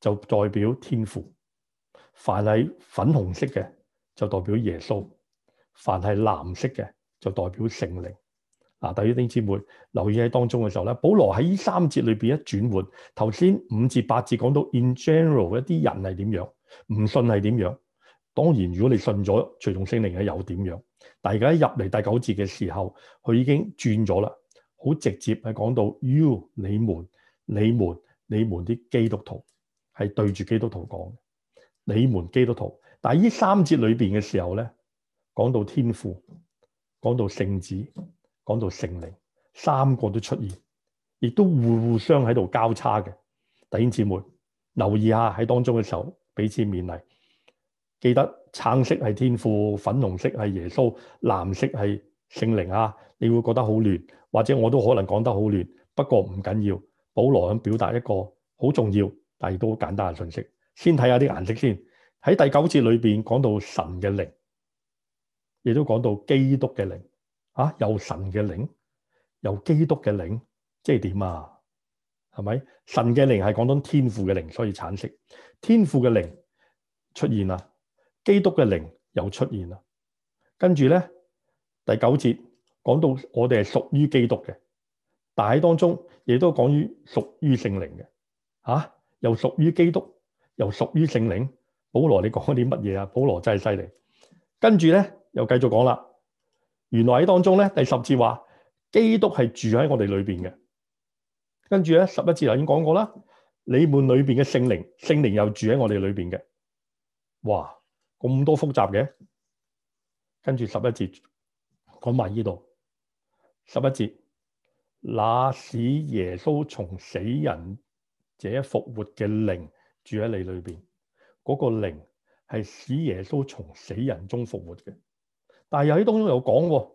就代表天父，凡係粉紅色嘅就代表耶穌。凡係藍色嘅就代表聖靈。嗱、啊，弟兄姊妹留意喺當中嘅時候咧，保羅喺呢三節裏邊一轉換，頭先五至八節講到 in general 一啲人係點樣，唔信係點樣。當然，如果你信咗隨從聖靈又點樣？但係而家入嚟第九節嘅時候，佢已經轉咗啦，好直接係講到 you 你們、你們、你們啲基督徒係對住基督徒講嘅，你們基督徒。但係呢三節裏邊嘅時候咧。講到天父，講到聖子，講到聖靈，三個都出現，亦都互相相喺度交叉嘅。弟兄姊妹留意下喺當中嘅時候，彼此勉勵。記得橙色係天父，粉紅色係耶穌，藍色係聖靈啊！你會覺得好亂，或者我都可能講得好亂，不過唔緊要。保羅想表達一個好重要，但也都簡單嘅信息。先睇下啲顏色先。喺第九節裏面講到神嘅靈，亦都講到基督嘅靈啊，有神嘅靈，有基督嘅靈，即係點啊？係咪神嘅靈係講到天父嘅靈，所以闡釋天父嘅靈出現啦，基督嘅靈又出現啦。跟住呢，第九節講到我哋係屬於基督嘅，但當中亦都講於屬於聖靈嘅啊，又屬於基督，又屬於聖靈。保羅你講啲乜嘢啊？保羅真係犀利。跟住呢。又繼續講啦。原來喺當中咧，第十節話基督係住喺我哋裏邊嘅。跟住咧，十一節已經講過啦。你們裏邊嘅聖靈，聖靈又住喺我哋裏邊嘅。哇，咁多複雜嘅。跟住十一節講埋呢度。十一節，那使耶穌從死人者復活嘅靈住喺你裏邊，嗰、那個靈係使耶穌從死人中復活嘅。但係又喺當中有講，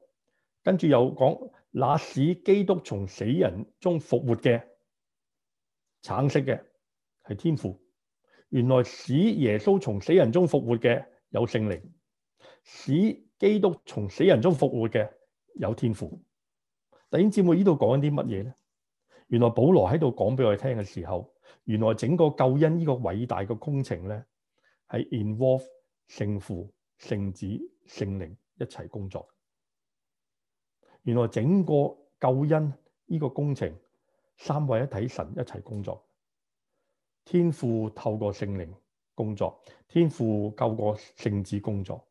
跟住又講，那使基督從死人中復活嘅橙色嘅係天父。原來使耶穌從死人中復活嘅有聖靈，使基督從死人中復活嘅有天父。弟兄姊妹，呢度講緊啲乜嘢咧？原來保羅喺度講俾我哋聽嘅時候，原來整個救恩呢個偉大嘅工程咧，係 involve 聖父、聖子、聖靈。一齊工作，原來整個救恩呢個工程，三位一體神一齊工作，天父透過聖靈工作，天父救過聖子工作，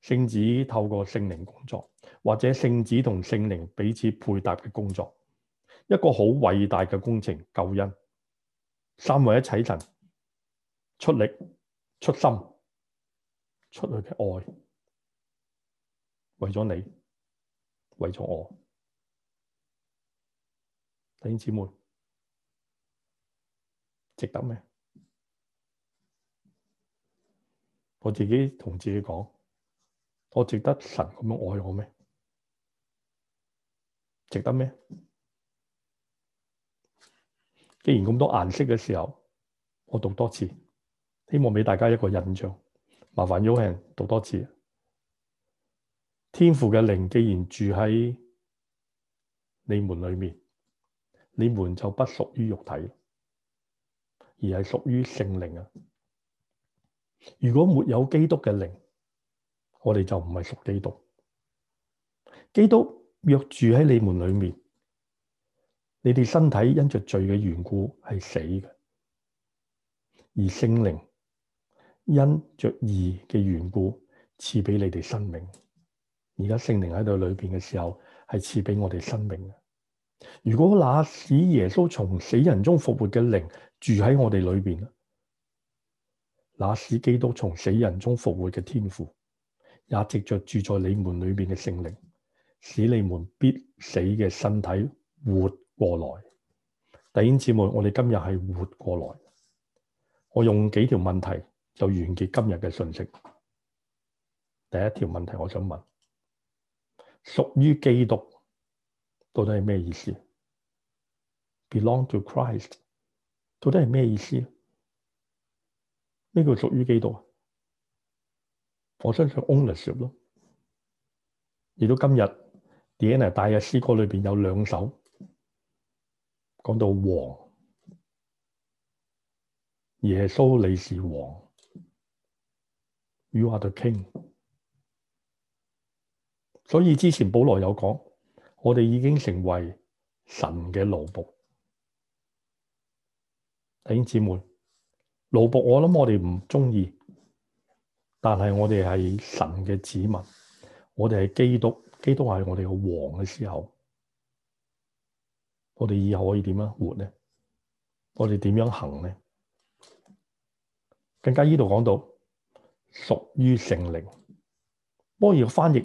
聖子透過聖靈工作，或者聖子同聖靈彼此配搭嘅工作，一個好偉大嘅工程，救恩，三位一體神出力出心出去嘅愛。為咗你，為咗我，弟兄姊妹，值得咩？我自己同自己講，我值得神咁樣愛我咩？值得咩？既然咁多顏色嘅時候，我讀多次，希望俾大家一個印象。麻煩 Young 讀多次。天父嘅靈既然住喺你們裏面，你們就不屬於肉體，而係屬於聖靈啊！如果沒有基督嘅靈，我哋就唔係屬基督。基督若住喺你們裏面，你哋身體因着罪嘅緣故係死嘅，而聖靈因着義嘅緣故賜俾你哋生命。而家聖靈喺度裏邊嘅時候，係賜畀我哋生命嘅。如果那使耶穌從死人中復活嘅靈住喺我哋裏邊，那使基督從死人中復活嘅天父，也藉着住在你們裏邊嘅聖靈，使你們必死嘅身體活過來。弟兄姊妹，我哋今日係活過來。我用幾條問題就完結今日嘅信息。第一條問題，我想問。屬於基督到底係咩意思？Belong to Christ 到底係咩意思？呢個屬於基督我相信 ownership 咯。而到今日 Diana 帶嘅詩歌裏面有兩首講到王，耶穌你是王，You are the King。所以之前保羅有講，我哋已經成為神嘅奴僕，弟兄姊妹，奴僕我諗我哋唔中意，但係我哋係神嘅子民，我哋係基督，基督係我哋嘅王嘅時候，我哋以後可以點樣活呢？我哋點樣行呢？更加呢度講到屬於聖靈，波義嘅翻譯。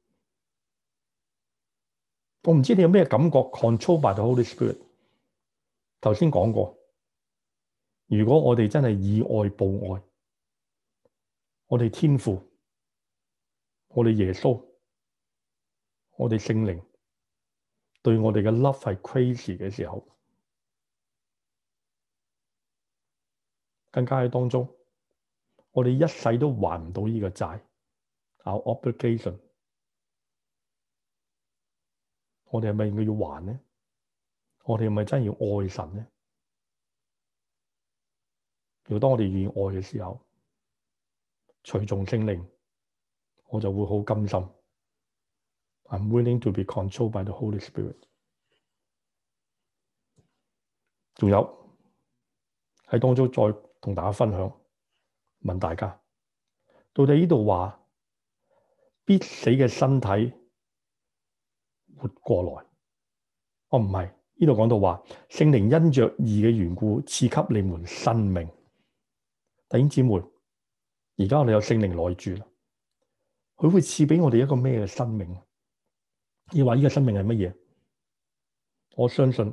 我唔知你有咩感覺 control by the Holy Spirit。頭先講過，如果我哋真係以愛報愛，我哋天父、我哋耶穌、我哋聖靈對我哋嘅 love 係 crazy 嘅時候，更加喺當中，我哋一世都還唔到呢個債，our obligation。我哋係咪應該要還呢？我哋係咪真的要愛神呢？如果當我哋願意愛嘅時候，隨從聖靈，我就會好甘心。I'm willing to be controlled by the Holy Spirit。仲有喺當中再同大家分享，問大家到底呢度話必死嘅身體。過來，我唔係呢度講到話，聖靈因着義嘅緣故賜給你們生命。弟兄姊妹，而家我哋有聖靈內住啦，佢會賜俾我哋一個咩嘅生命？要話呢個生命係乜嘢？我相信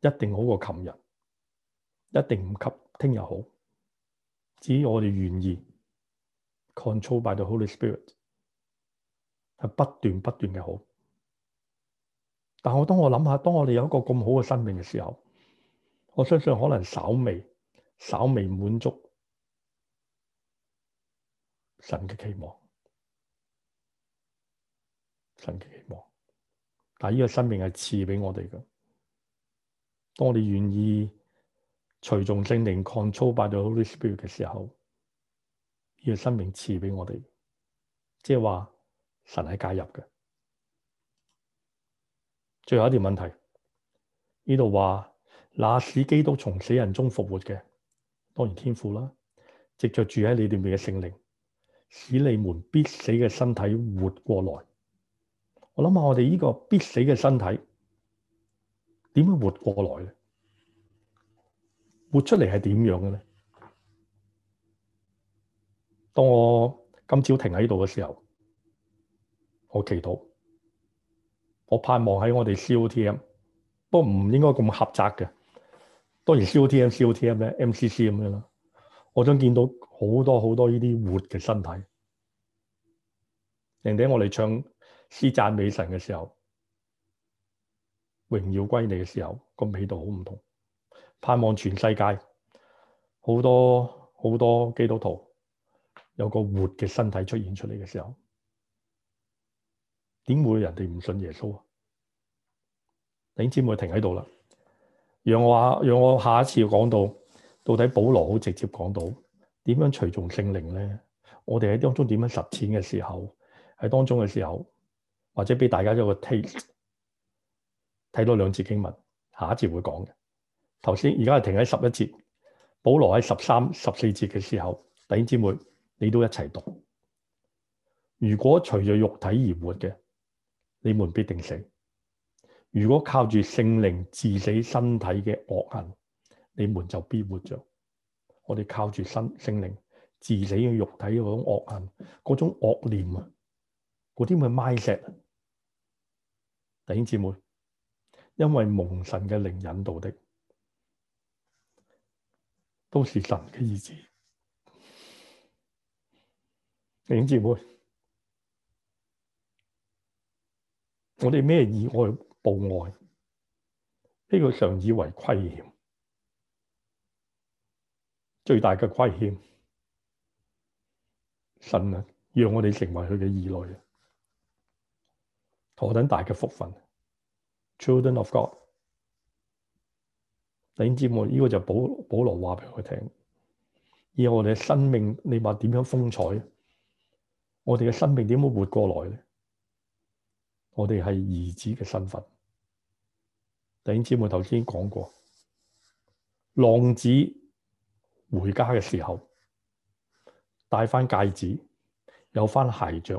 一定好過琴日，一定唔及聽日好。只要我哋願意，controlled by the Holy Spirit。係不斷不斷嘅好，但我當我諗下，當我哋有一個咁好嘅生命嘅時候，我相信可能稍微、稍微滿足神嘅期望，神嘅期望。但係呢個生命係賜俾我哋嘅。當我哋願意隨從聖靈，controlled by the Holy Spirit 嘅時候，呢、這個生命賜俾我哋，即係話神係介入嘅。最後一條問題，呢度話那使基督從死人中復活嘅，當然天父啦，藉著住喺你哋裏面嘅聖靈，使你們必死嘅身體活過來。我諗下我哋呢個必死嘅身體點樣活過來咧？活出嚟係點樣嘅咧？當我今朝停喺呢度嘅時候。我祈禱，我盼望喺我哋 COTM，不過唔應該咁狹窄嘅。當然 COTMCOTM MCC 咁樣啦，我想見到好多好多呢啲活嘅身體。人哋我哋唱《詩讚美神》嘅時候，榮耀歸你嘅時候，個味道好唔同。盼望全世界好多好多基督徒有個活嘅身體出現出嚟嘅時候。點會人哋唔信耶穌啊？弟兄姊妹停喺度啦，讓我讓我下一次要講到，到底保羅好直接講到點樣隨從聖靈呢，我哋喺當中點樣實踐嘅時候，喺當中嘅時候或者俾大家一個 taste，睇多兩節經文，下一節會講嘅。頭先而家係停喺十一節，保羅喺十三、十四節的時候，弟兄姊妹你都一齊讀。如果隨著肉體而活嘅你們必定死。如果靠住聖靈治死身體嘅惡行，你們就必活著。我哋靠住聖靈治死嘅肉體嗰種惡行，嗰種惡念啊，嗰啲咪 mindset。弟兄姐妹，因為蒙神嘅靈引導的，都是神嘅兒子。弟兄姐妹。我們什麼以愛報愛？呢個常以為虧欠，最大的虧欠。神啊，讓我們成為佢嘅兒女，何等大的福分。Children of God，你知冇？這個就是保保羅話給我聽。以後我們的生命，你話怎樣風采？我哋嘅生命怎會活過來呢？我們是兒子的身份。弟兄姊妹頭先講過，浪子回家的時候帶翻戒指，有翻鞋着，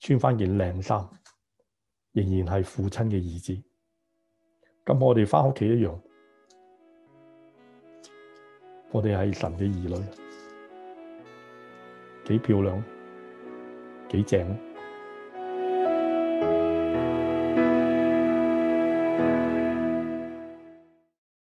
穿穿翻件靚衫，仍然是父親的兒子。咁我們翻屋企一樣，我們是神的兒女，幾漂亮，幾正啊！